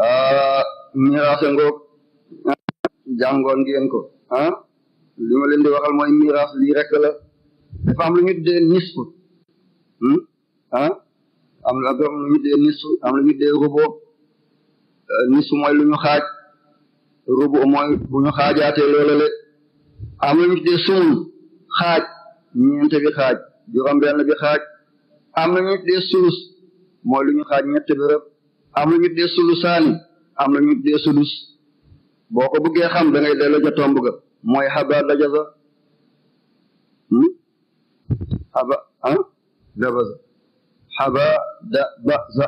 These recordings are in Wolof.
Euh, miraase ngoog ah, jàngoon ngeen ko ah leen di waxal mooy miraas lii rek la dafa am lu ñu dee hmm, ah, am la am lu ñu dee euh, mooy lu ñu xaaj rubo mooy bu ñu xaajaatee loola le am lu ñu dee sumun xaaj ñeente bi xaaj juróom benn bi xaaj am lu ñu dee mooy lu ñu xaaj ñett bi rek am na ñu dee sulusaani am na ñu dee sulus boo ko bëggee xam da ngay delloo ca tomb ga mooy xaba dajaza xaba hmm? ah dabaza xaba da baza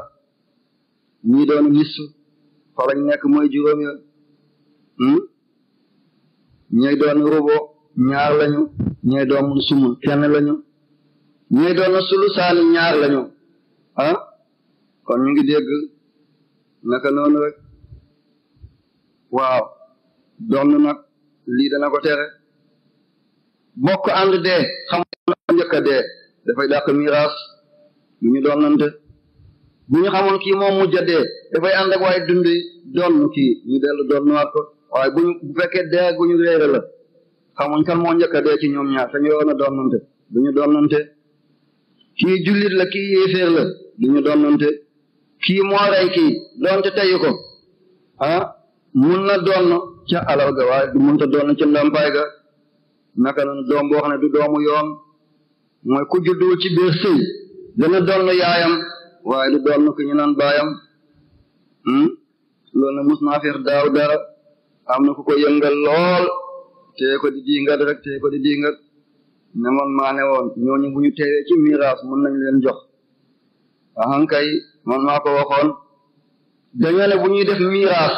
ñii doon gis fa nekk mooy juróom ya hmm? ñii doon rubo ñaar lañu ñii doon sumu kenn lañu ñii doon sulusaani ñaar lañu ah kon ñu ngi dégg naka noonu rek waaw doon nag lii dana ko tere bokk ànd dee xam njëkk a dee dafay dàq miraas lu ñu doonante bu ñu xamoon kii moom mujj a dee dafay ànd ak waaye dund doon kii ñu dellu doon nuwaat waaye bu ñu dee gu ñu réere la xamuñ kan moo njëkk a dee ci ñoom ñaar te ñu waroon a doonante du ñu doonante kii jullit la kii yéeféer la du ñu doonante kii moo rey kii doonte teyu ah mun na doon ca alal ga waaye du mun ta doon ca ndàmpaay ga naka noonu doom boo ne du doomu yoon mooy ku juddu ci biir sëy dana doon yaayam waaye du doon ku ñu naan baayam hmm? loolu nag mos naa feex daaw dara am na ku ko yëngal lool tee ko di dingat rek tee ko di dingat ne man maa ne woon ñooñu bu ñu teewee ci miraas mën nañ leen jox waxan kay man maa ko waxoon dañoo bu ñuy def miraas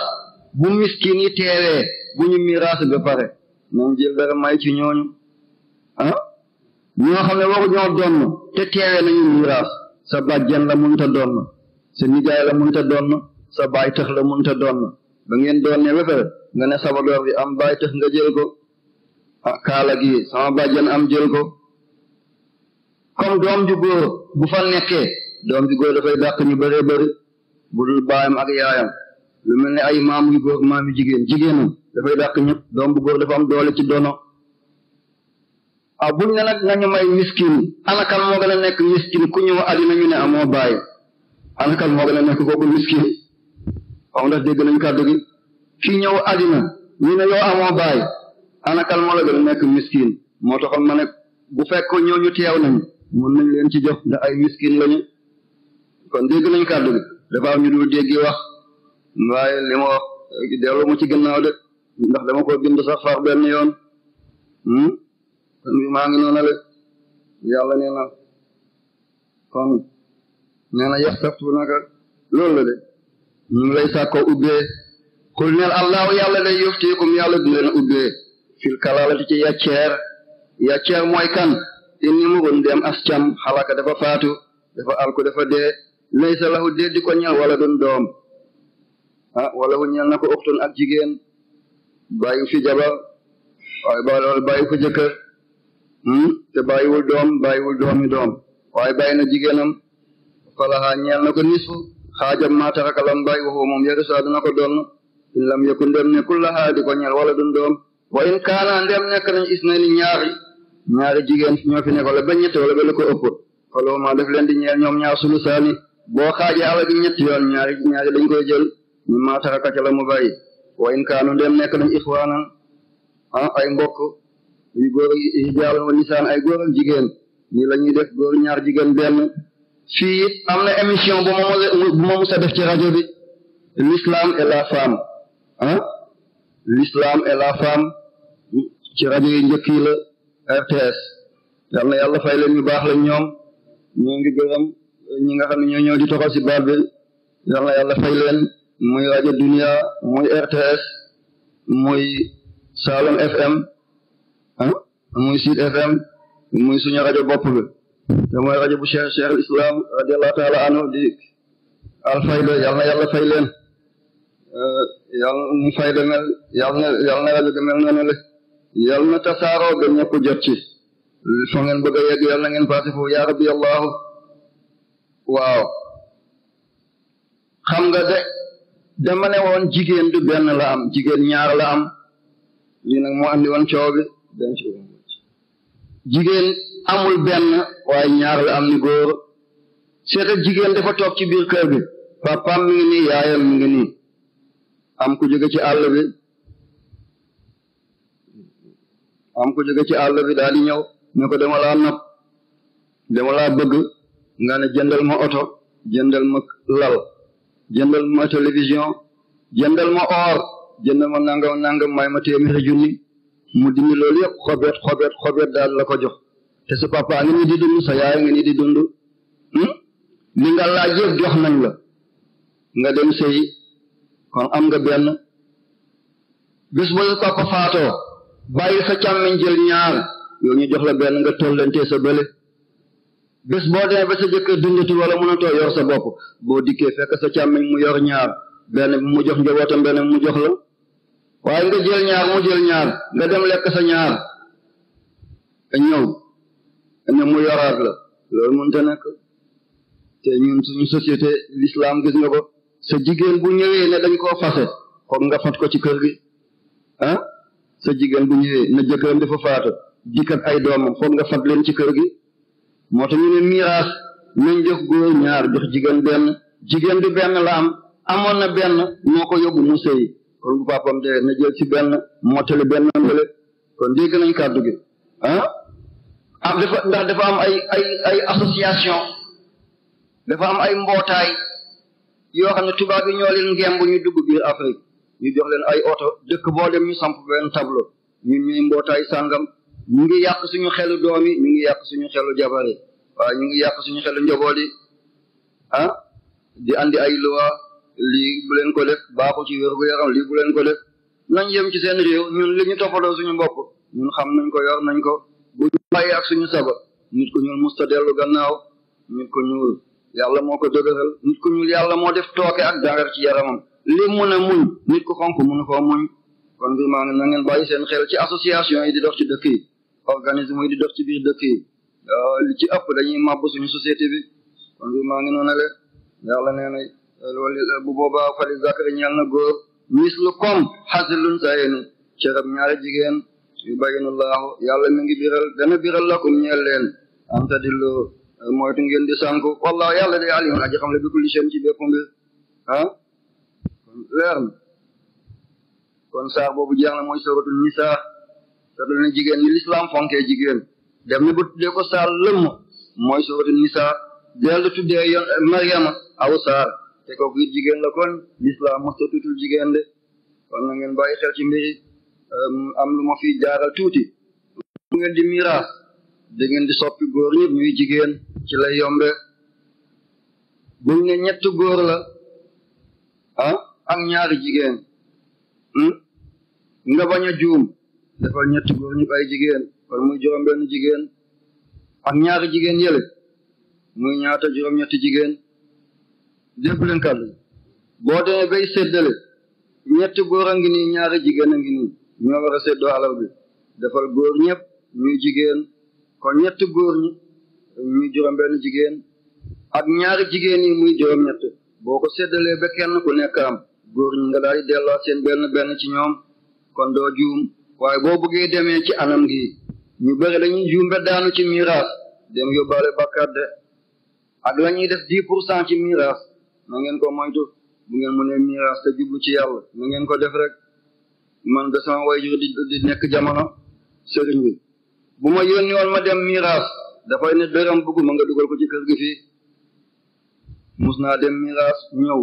bu miskin yi teewee bu ñu miraas ba pare moom jël dara may ci ñooñu ah ñoo xam ne waru ñoo donn te teewee nañu miraas sa bàjjen la mënta donn sa nijaay la mënta donn sa baay tëx la mënta donn ba ngeen doonne ba nga ne sabadoor bi am baay tëx nga jël ko ah, kaala gi sama bàjjen am jël ko comme doom ju góor bu fa nekkee doom ju góor dafay dàq ñu bëree bu dul baayam ak yaayam lu mel ne ay maam yu góor maam jigéen jigéenam dafay dàq ñëpp doom bu góor dafa am doole ci dono ah ne nag nañu may miskin anakal moo gën a nekk miskin ku ñëw àddina ñu ne amoo baay anakal moo gën a nekk kooku miskin xam ndax dégg nañu kàddu gi moo la gën a nekk miskin moo taxoon ma bu fekk ñëw ñu teew nañu mën nañ leen ci jox ndax ay miskin lañu kon dégg nañ kàddu bi dafa am ñu dul déggi wax waaye li ma wax mu ci gannaaw de ndax dama ko bind sax far benn yoon hmm? kon bi maa ngi noona le yàlla nee na kon nee na yastaftunaka loolu la de ñu ngi lay sàkkoo ubbee kul neel allahu yàlla day yuftiikum yàlla dina leen ubbee fil kalaalati ci yacceer yacceer mooy kan inni murun dem as cam xalaka dafa faatu dafa alku dafa dee laysa lahu déet di ko ñeel wala dun doom ah wala hu ñeel na ko uxtun ak jigéen bàyyi fi jabar waaye ba loolu bàyyi fi jëkkër hmm? te bàyyiwul doom bàyyiwul doomi doom waaye bàyyi na jigéenam falahaa ñeel na ko nisfu xaajam maa taraka lam bàyyi waxu moom yarisaa na ko doon in lam yakun ndem nekkul lahaa di ko ñeel wala dun doom wa in kaana ndem nekk nañ is na ni ñaari ñaari jigéen ñoo fi nekk wala ba ñett wala ba lu ko ëpp falahumaa def leen di ñeel ñoom ñaar sulusaani boo xaajee alal ji ñetti yoon ñaari ñaari dañ koy jël ñu maataraka ca la mu bàyyi wa in kaanu dem nekk nañ ixwaanan ah ay mbokk yu góor hijaaran wa nisaan ay góor ak jigéen nii la ñuy def góor ñaar jigéen benn fii it am na émission bu ma bu ma ci rajo bi l'islam et la femme ah l'islam et la femme ci rajo yi njëkk yi la RTS yal na fay leen baax la ñoom ñoo ngi gërëm ñi nga xam ne ñoo ñëw di toxal ci baal bi yal na yàlla fay leen muy rajo Dunia muy RTS muy Saloum FM ah, muy Sud FM muy suñu rajo bopp bi te mooy rajo bu Cheikh Cheikh al di al fayda yal na yàlla fay leen eh, yal na fayda mel yal na yal rajo bi mel noonu la yal na tasaaroo ba ñëpp jot ci fa ngeen bëgg a yegg yal na ngeen passé foofu yaa rabbi waaw xam nga de dama jigéen du benn la am jigéen ñaar la am lii nag moo andi woon coow bi jigéen amul benn waaye ñaar la am ni góor seetal jigéen dafa toog ci biir kër bi papaam mi nii yaayam mi nii am ku jóge ci àll bi am ku jóge ci àll bi daal di ñëw ne ko dama laa nopp dama laa bëgg nga ne jëndal ma oto jëndal ma lal jëndal ma télévision jëndal ma or jëndal ma nangam nangam may ma téeméeri junni mu dindi loolu yëpp xobeet xobeet xobeet daal la ko jox te sa papa nga ni di dund sa yaay nga ni di dund hmm? li nga laaj yëpp jox nañ la nga dem sëy kon am nga benn bis ba la papa faatoo bàyyi sa càmmiñ jël ñaar yow ñu jox la benn nga tollantee sa bële bés boo dee ba sa jëkkër dundati wala mënatoo yor sa bopp boo dikkee fekk sa càmmiñ mu yor ñaar benn bi mu jox njabootam benn bi mu jox la waaye nga jël ñaar mu jël ñaar nga dem lekk sa ñaar ñëw ne mu yoraat la loolu mënta nekk te ñun suñu société l'islam gis nga ko sa jigéen bu ñëwee ne dañ koo fase foog nga fat ko ci kër gi ah sa jigéen bu ñëwee ne jëkkëram dafa faatu dikkat ay doomam foog nga fat leen ci kër gi moo tax ñu ne miraas nañ jox góor ñaar jox jigéen benn jigéen bi benn la amoon na benn moo ko yóbbu mu sëy kon bu papam dee na jël ci benn mottali benn mbële kon dégg nañ kàddu gi ah, ah dafa ndax dafa am ay ay ay dafa am ay mbootaay yoo xam ne tubaab yi ñoo leen ngemb ñu dugg biir Afrique ñu jox ay oto dëkk boo dem ñu samp benn tableau ñun ñuy mbootaay sàngam ñu ngi yàq suñu xelu doom yi ñu ngi yàq suñu xelu jabar yi waaw ñu ngi yàq suñu xelu njaboot yi ah di andi ay loi lii bu leen ko def baaxu ci wér gu yaram lii bu leen ko def nañ yem ci seen réew ñun li ñu toppaloo suñu bopp ñun xam nañ ko yor nañ ko bu ñu bàyyi ak suñu saba nit ku ñuul musta gannaaw nit ku ñuul yàlla moo ko dëgëral nit ku ñuul yàlla moo def tooke ak danger ci yaramam li mun a muñ nit ku xonk mun koo muñ kon bi maa ngi na ngeen bàyyi seen xel ci association yi di dox ci dëkk yi organisme yi di dox ci biir euh, ci ëpp dañuy màbb suñu société bi kon bi maa ngi noonu le yàlla nee na euh, loolu euh, bu boobaa fali zakari ñeel na góor mislu kom xasilun sayeni cerab ñaari jigéen yu bayinullahu yàlla mi ngi biral dana biral lakum ñeel leen anta dillu moytu ngeen di sànku wallahu yàlla day alimun aji xam le bi kulli seen ci bépp mbir ah kon leer na kon saar boobu jeex na mooy suratul nisaa te jigéen ni lislaam fonkee jigéen dem ni bu tuddee ko saar lëmm mooy sooti nisaa dellu tuddee yoon mariama aw saar te kooku it jigéen la kon lislaam mos a tutul jigéen de kon na ngeen bàyyi xel ci mbiri am lu ma fi jaaral tuuti mu ngeen di miraas da di soppi góor ñëpp ñuy jigéen ci lay yombe buñ ñett góor la ah ak ñaari jigéen hmm? nga bañ a juum defal ñetti góor ñu ay jigéen kon muy juróom benn jigéen ak ñaari jigéen yële muy ñaata juróom ñetti jigéen dégg leen boo demee bay séddale ñetti góor a ngi ñaar jigéen a ngi nii ñoo war a séddoo bi defal góor ñëpp ñuy jigéen kon ñett góor ñi ñuy juróom benn jigéen ak ñaari jigéen yi muy juróom ñett boo ko séddalee ba kenn ku nekk am góor ñi nga daal di dello seen benn benn ci ñoom kon doo juum waaye boo bëggee demee ci anam gi ñu bëri dañuy jumbe daanu ci miraas dem yóbbaale bàkkaar de ak la def dix pour cent ci miraas na ngeen ko moytu bu ngeen mënee miraas te jublu ci yàlla na ngeen ko def rek man de sama wayjur di di nekk jamono sëriñ bi bu ma yónni woon ma dem miraas dafay ne dërëm bëgguma nga dugal ko ci kër gi fii mus naa dem miraas ñëw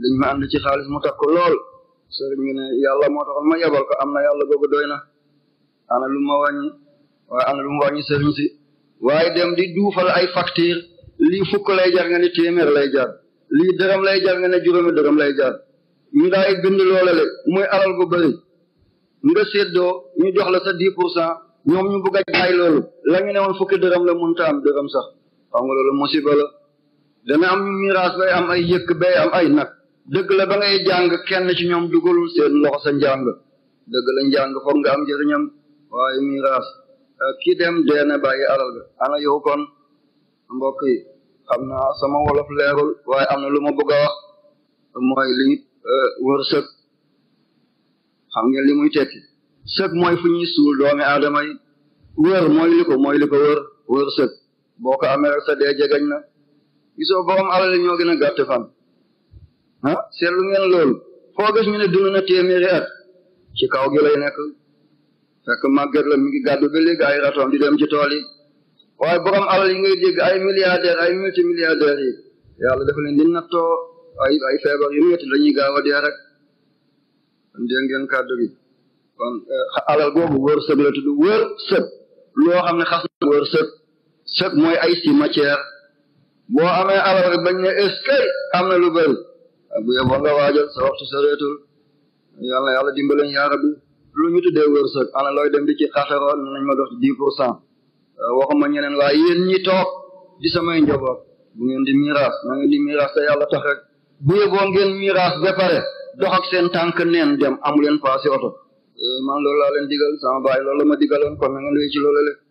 dañ ma ànd ci xaalis mu takk lool sëriñ bi ne yàlla moo taxoon ma yebal ko am na yàlla googu doy na ana lu ma wàññi waaye ana lu wàññi sëriñ si waaye dem di duufal ay facture lii fukk lay jar nga ne téeméer lay jar lii dërëm lay jar nga ne juróomi dërëm lay jar ñu daay bind loola muy alal gu bëri nga séddoo ñu jox la sa dix pour cent ñoom ñu bëgg a jaay loolu la ñu ne woon fukki dërëm la mënta am dërëm sax xam nga loolu musiba la dana am ñu miraas bay am ay yëkk bay am ay nag dëgg la ba ngay jàng kenn ci ñoom dugalul seen loxo sa njàng dëgg la njàng foog nga am njëriñam waaye miraas eh, ki dem dee na bàyyi alal ga ana yow kon xam naa sama wolof leerul waaye am na lu ma bëgg a wax mooy li eh, wërsëg xam nga li muy tekki sëg mooy fu ñuy suul doomi aadama wër mooy li mooy li ko wër wërsëg boo ko rek sa dee jegañ na gisoo borom alal ñoo gën a gàtt fan ah seetlu ngeen loolu foo gis ñu ne dund na téeméeri at ci kaw gi lay nekk fekk màgget la mi ngi gàddu ba léegi ay raton di dem ci tool yi waaye borom alal yi ngay dégg ay milliardaire ay multimilliardaire yi yàlla dafa leen di nattoo ay ay feebar yu métti dañuy gaaw a dee rek kon dégg ngeen kàddu gi kon eh, alal googu wërsëg la tudd wërsëg loo xam ne xas na wërsëg sëg mooy ay si matière boo amee alal bañ ne est-ce am na lu bari bu yeboo nga waajal sa waxtu sa reetul yal na yàlla dimbalañ yaa rabbi lu ñu tuddee wërsëg ana looy dem di ci xataroo ne nañ ma dox ci dix pour cent euh, waxuma ñeneen waaye yéen ñi toog di samay njaboot bu ngeen di miraas na ngeen di miraas te yàlla tax rek bu yeboo ngeen miraas ba pare dox seen tànk neen dem amu leen paase oto euh, man loolu laa leen digal sama baay loolu ma digaloon kon na ngeen wéy ci loolu